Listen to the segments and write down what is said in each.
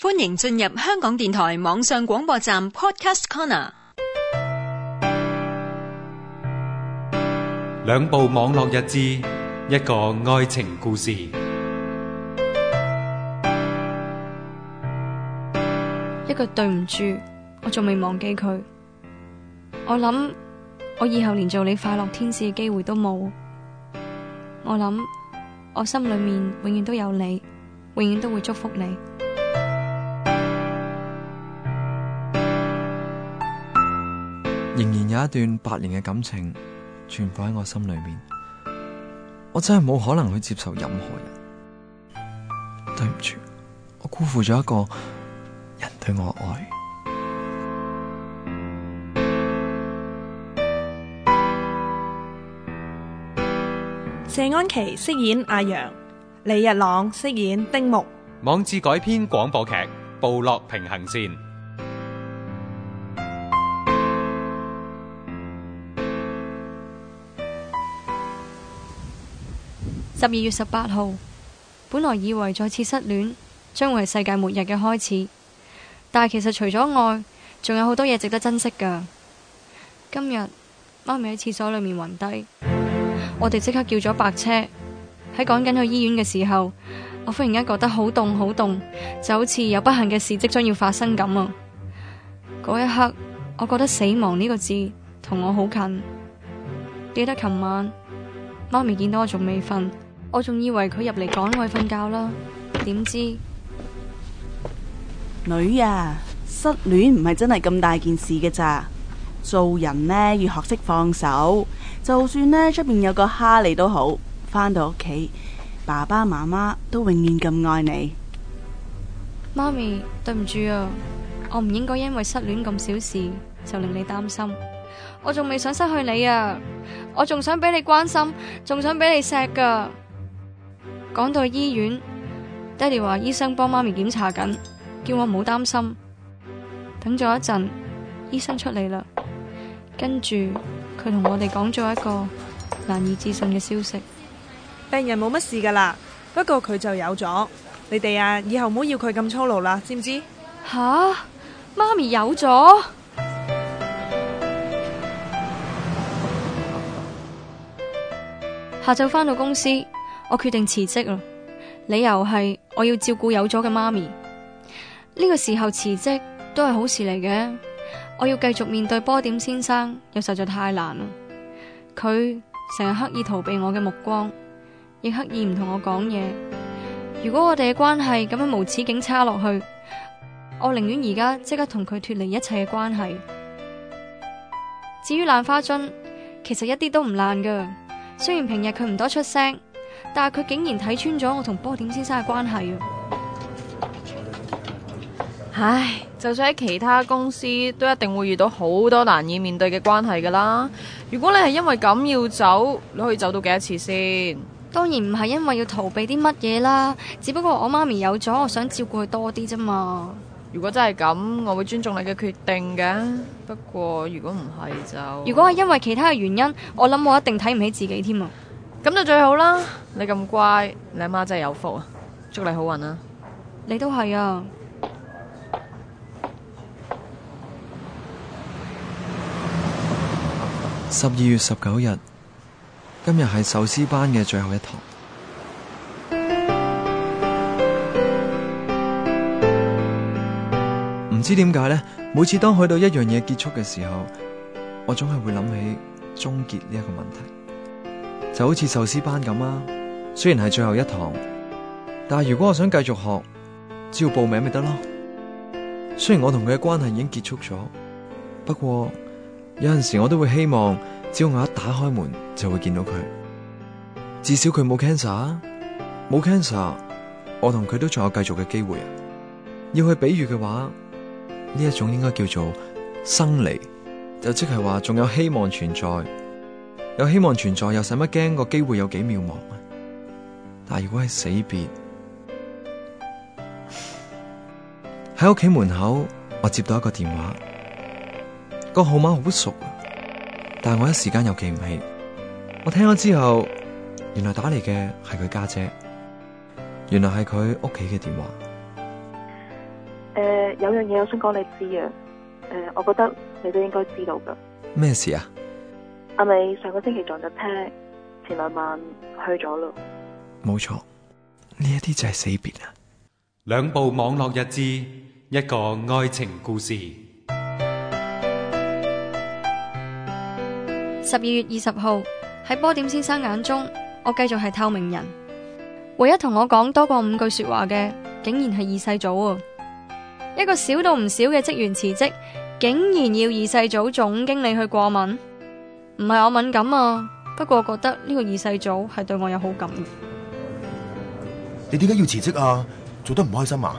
歡迎進入香港電台網上廣播站 Podcast Corner，兩部網絡日志，一個愛情故事，一句對唔住，我仲未忘記佢。我諗我以後連做你快樂天使嘅機會都冇。我諗我心裏面永遠都有你，永遠都會祝福你。仍然有一段八年嘅感情存放喺我心裏面，我真係冇可能去接受任何人。對唔住，我辜負咗一個人對我愛。謝安琪飾演阿陽，李日朗飾演丁木。網誌改編廣播劇《步落平行線》。十二月十八號，本來以為再次失戀將會係世界末日嘅開始，但係其實除咗愛，仲有好多嘢值得珍惜噶。今日媽咪喺廁所裏面暈低， 我哋即刻叫咗白車，喺趕緊去醫院嘅時候，我忽然間覺得好凍好凍，就好似有不幸嘅事即將要發生咁啊！嗰一刻，我覺得死亡呢個字同我好近。記得琴晚媽咪見到我仲未瞓。我仲以為佢入嚟趕我瞓覺啦，點知，女啊，失戀唔係真係咁大件事嘅咋。做人呢，要學識放手，就算呢出邊有個蝦嚟都好，翻到屋企，爸爸媽媽都永遠咁愛你。媽咪，對唔住啊，我唔應該因為失戀咁小事就令你擔心。我仲未想失去你啊，我仲想俾你關心，仲想俾你錫噶。講到醫院，爹哋話醫生幫媽咪檢查緊，叫我唔好擔心。等咗一陣，醫生出嚟啦，跟住佢同我哋講咗一個難以置信嘅消息：病人冇乜事噶啦，不過佢就有咗。你哋啊，以後唔好要佢咁粗魯啦，知唔知？吓，媽咪有咗。 下晝返到公司。我決定辭職啦，理由係我要照顧有咗嘅媽咪。呢個時候辭職都係好事嚟嘅。我要繼續面對波點先生，又實在太難啦。佢成日刻意逃避我嘅目光，亦刻意唔同我講嘢。如果我哋嘅關係咁樣無止境差落去，我寧願而家即刻同佢脫離一切嘅關係。至於爛花樽，其實一啲都唔爛噶。雖然平日佢唔多出聲。但係佢竟然睇穿咗我同波點先生嘅關係啊！唉，就算喺其他公司，都一定會遇到好多難以面對嘅關係噶啦。如果你係因為咁要走，你可以走到幾多次先？當然唔係因為要逃避啲乜嘢啦，只不過我媽咪有咗，我想照顧佢多啲啫嘛。如果真係咁，我會尊重你嘅決定嘅。不過如果唔係就……如果係因為其他嘅原因，我諗我一定睇唔起自己添啊！咁就最好啦！你咁乖，你阿媽真係有福啊！祝你好運啊，你都係啊！十二月十九日，今日係壽司班嘅最後一堂。唔 知點解咧？每次當去到一樣嘢結束嘅時候，我總係會諗起終結呢一個問題。就好似壽司班咁啊，雖然係最後一堂，但係如果我想繼續學，只要報名咪得咯。雖然我同佢嘅關係已經結束咗，不過有陣時我都會希望，只要我一打開門就會見到佢。至少佢冇 cancer 啊，冇 cancer，我同佢都仲有繼續嘅機會啊。要去比喻嘅話，呢一種應該叫做生離，就即係話仲有希望存在。有希望存在，又使乜驚個機會有幾渺茫啊？但係如果係死別，喺屋企門口，我接到一個電話，個號碼好熟，但係我一時間又記唔起。我聽咗之後，原來打嚟嘅係佢家姐，原來係佢屋企嘅電話。誒、呃，有樣嘢我想講你知啊。誒、呃，我覺得你都應該知道噶。咩事啊？阿美上個星期撞咗車，前兩晚去咗咯。冇錯，呢一啲就係死別啦。兩部網絡日誌，一個愛情故事。十二月二十號喺波點先生眼中，我繼續係透明人。唯一同我講多過五句說話嘅，竟然係二世祖啊！一個小到唔少嘅職員辭職，竟然要二世祖總經理去過問。唔係我敏感啊，不過我覺得呢個二世祖係對我有好感。你點解要辭職啊？做得唔開心啊？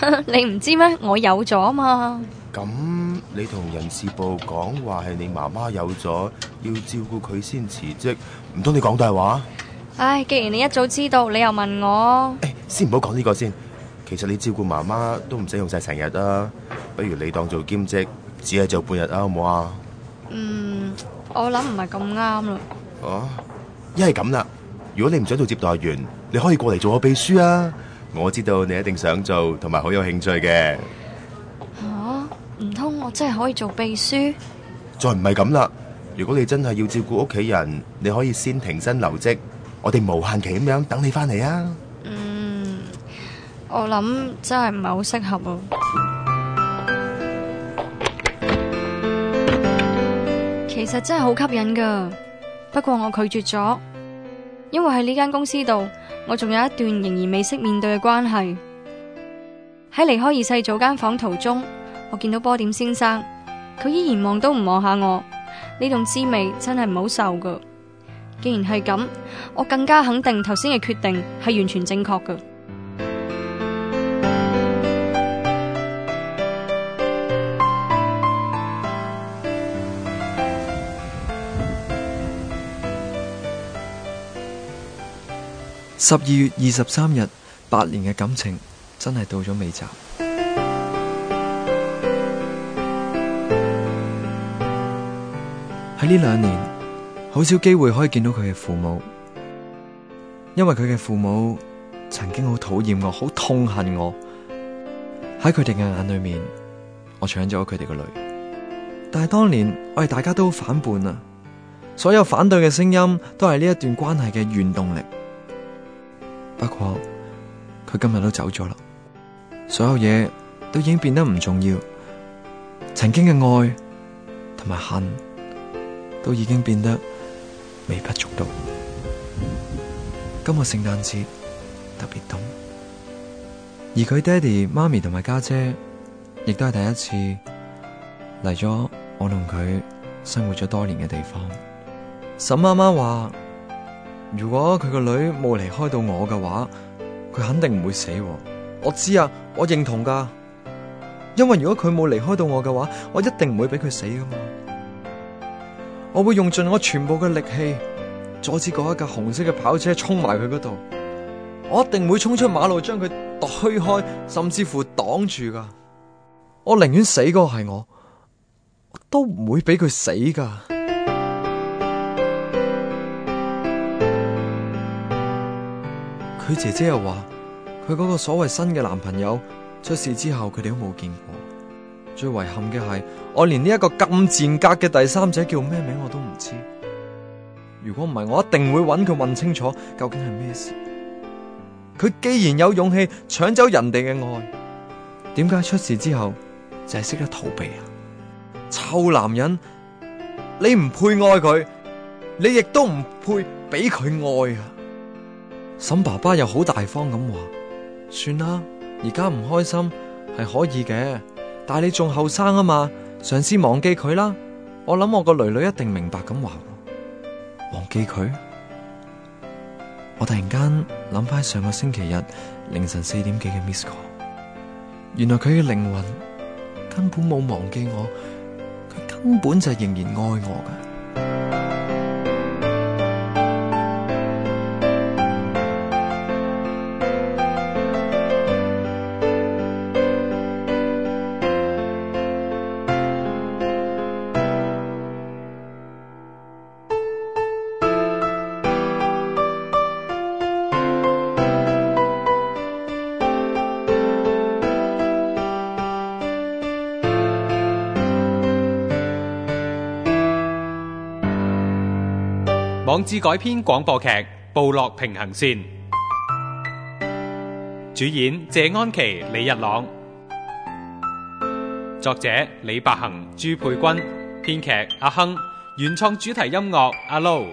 你唔知咩？我有咗啊嘛。咁你同人事部講話係你媽媽有咗，要照顧佢先辭職。唔通你講大話？唉、哎，既然你一早知道，你又問我。誒、哎，先唔好講呢個先。其實你照顧媽媽都唔使用晒成日啦，不如你當做兼職，只係做半日啊，好唔好啊？嗯。我諗唔係咁啱啦。哦、啊，一係咁啦，如果你唔想做接待員，你可以過嚟做我秘書啊！我知道你一定想做，同埋好有興趣嘅。吓、啊，唔通我真係可以做秘書？再唔係咁啦，如果你真係要照顧屋企人，你可以先停薪留職，我哋無限期咁樣等你翻嚟啊。嗯，我諗真係唔係好適合咯、啊。其實真係好吸引噶，不過我拒絕咗，因為喺呢間公司度，我仲有一段仍然未識面對嘅關係。喺離開二世祖間房途中，我見到波點先生，佢依然望都唔望下我，呢種滋味真係唔好受噶。既然係咁，我更加肯定頭先嘅決定係完全正確噶。十二月二十三日，八年嘅感情真係到咗尾站。喺呢兩年，好少機會可以見到佢嘅父母，因為佢嘅父母曾經好討厭我，好痛恨我。喺佢哋嘅眼裏面，我搶咗佢哋嘅女。但係當年，我哋大家都好反叛啊，所有反對嘅聲音都係呢一段關係嘅原動力。不過佢今日都走咗啦，所有嘢都已經變得唔重要，曾經嘅愛同埋恨都已經變得微不足道。今日聖誕節特別凍，而佢爹哋媽咪同埋家姐亦都係第一次嚟咗我同佢生活咗多年嘅地方。沈媽媽話。如果佢個女冇離開到我嘅話，佢肯定唔會死。我知啊，我認同噶。因為如果佢冇離開到我嘅話，我一定唔會俾佢死噶嘛。我會用盡我全部嘅力氣阻止嗰一架紅色嘅跑車衝埋佢嗰度。我一定會衝出馬路將佢推開，甚至乎擋住噶。我寧願死個係我，我都唔會俾佢死噶。佢姐姐又話：佢嗰個所謂新嘅男朋友出事之後，佢哋都冇見過。最遺憾嘅係，我連呢一個咁賤格嘅第三者叫咩名我都唔知。如果唔係，我一定會揾佢問清楚究竟係咩事。佢既然有勇氣搶走人哋嘅愛，點解出事之後就係、是、識得逃避啊？臭男人，你唔配愛佢，你亦都唔配俾佢愛啊！沈爸爸又好大方咁話，算啦，而家唔開心係可以嘅，但係你仲後生啊嘛，嘗試忘記佢啦。我諗我個女女一定明白咁話，忘記佢？我突然間諗翻上個星期日凌晨四點幾嘅 miss call，原來佢嘅靈魂根本冇忘記我，佢根本就係仍然愛我噶。網誌改編廣播劇《步落平行線》，主演謝安琪、李日朗，作者李白恒、朱佩君，編劇阿亨，原創主題音樂阿撈。